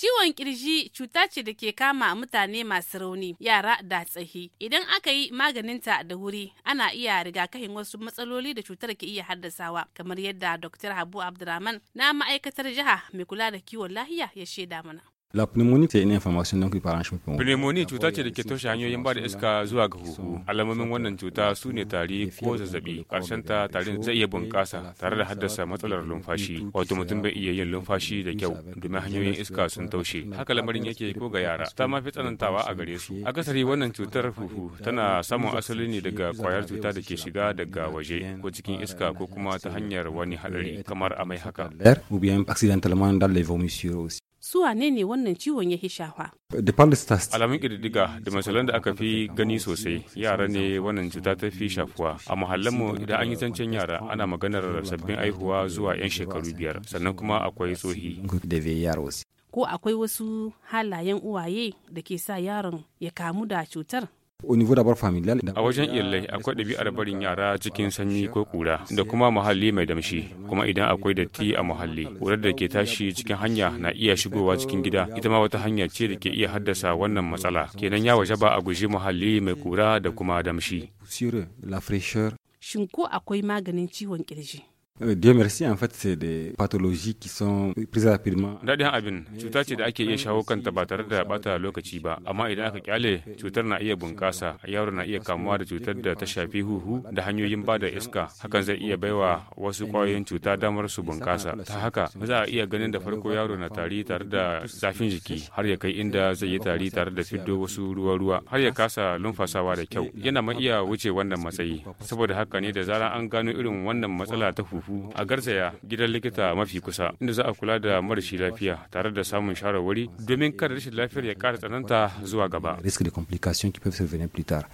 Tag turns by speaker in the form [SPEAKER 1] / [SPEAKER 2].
[SPEAKER 1] Ciwon kirji cuta ce da ke kama mutane masu rauni, yara da tsahi. Idan aka yi maganinta da wuri, ana iya rigakafin wasu matsaloli da cutar ke iya haddasawa, kamar yadda Dr. Habu Abdurrahman na ma'aikatar jiha mai kula da kiwon lahiya ya shaida mana.
[SPEAKER 2] La pneumonie c'est une information donc par un champignon. Pneumonie cuta ce da ke toshe hanyoyin ba da iska zuwa ga huhu. Alamomin wannan cuta sune ne tari ko zazzabi. Karshen ta tarin zai iya bunƙasa tare da haddasa matsalar lumfashi. Wato mutum bai iya yin lumfashi da kyau domin hanyoyin iska sun taushe. Haka lamarin yake ko ga yara. Ta ma fi tsanantawa a gare su. Akasari wannan cutar huhu tana samun asali ne daga kwayar cuta da ke shiga daga waje ko cikin iska ko kuma ta hanyar wani hadari kamar amai haka.
[SPEAKER 3] Ou bien accidentellement dans les vomissures
[SPEAKER 1] su wane ne wannan ciwon ya shafa.
[SPEAKER 3] Alamun
[SPEAKER 2] ƙididdiga da misalan da aka fi gani sosai yara ne wannan cuta ta fi shafuwa. A mu idan an yi zancen yara ana maganar sabbin aihuwa zuwa 'yan shekaru biyar sannan kuma akwai tsohi.
[SPEAKER 1] Ko akwai wasu halayen uwaye da ke sa yaron ya kamu da cutar
[SPEAKER 3] A
[SPEAKER 2] wajen iyalai akwai ɗabi'ar barin yara cikin sanyi ko kura da kuma muhalli mai damshi kuma idan akwai datti a muhalli kurar da ke tashi cikin hanya na iya shigowa cikin gida ita ma wata hanya ce da ke iya haddasa wannan matsala kenan ya waje ba a guji muhalli mai kura da kuma damshi.
[SPEAKER 1] Shin ko akwai maganin ciwon kirji?
[SPEAKER 3] Euh, Dieu merci en fait c'est des pathologies qui sont prises rapidement.
[SPEAKER 2] Dadin abin cuta ce da ake iya shawo kanta ba tare da bata lokaci ba amma idan aka kyale cutar na iya bunkasa yaro na iya kamuwa da cutar da ta shafi huhu da hanyoyin bada iska hakan zai iya baiwa wasu kwayoyin cuta damar su bunkasa ta haka za a iya ganin da farko yaro na tari tare da zafin jiki har ya kai inda zai yi tari tare da fiddo wasu ruwa-ruwa har ya kasa lumfasawa da kyau yana ma iya wuce wannan matsayi saboda haka ne da zarar an gano irin wannan matsala ta huhu ku a garzaya gidan likita mafi kusa inda za a kula da marashi lafiya tare da samun shawarwari domin kada rashin lafiyar ya kara tsananta zuwa
[SPEAKER 3] gaba.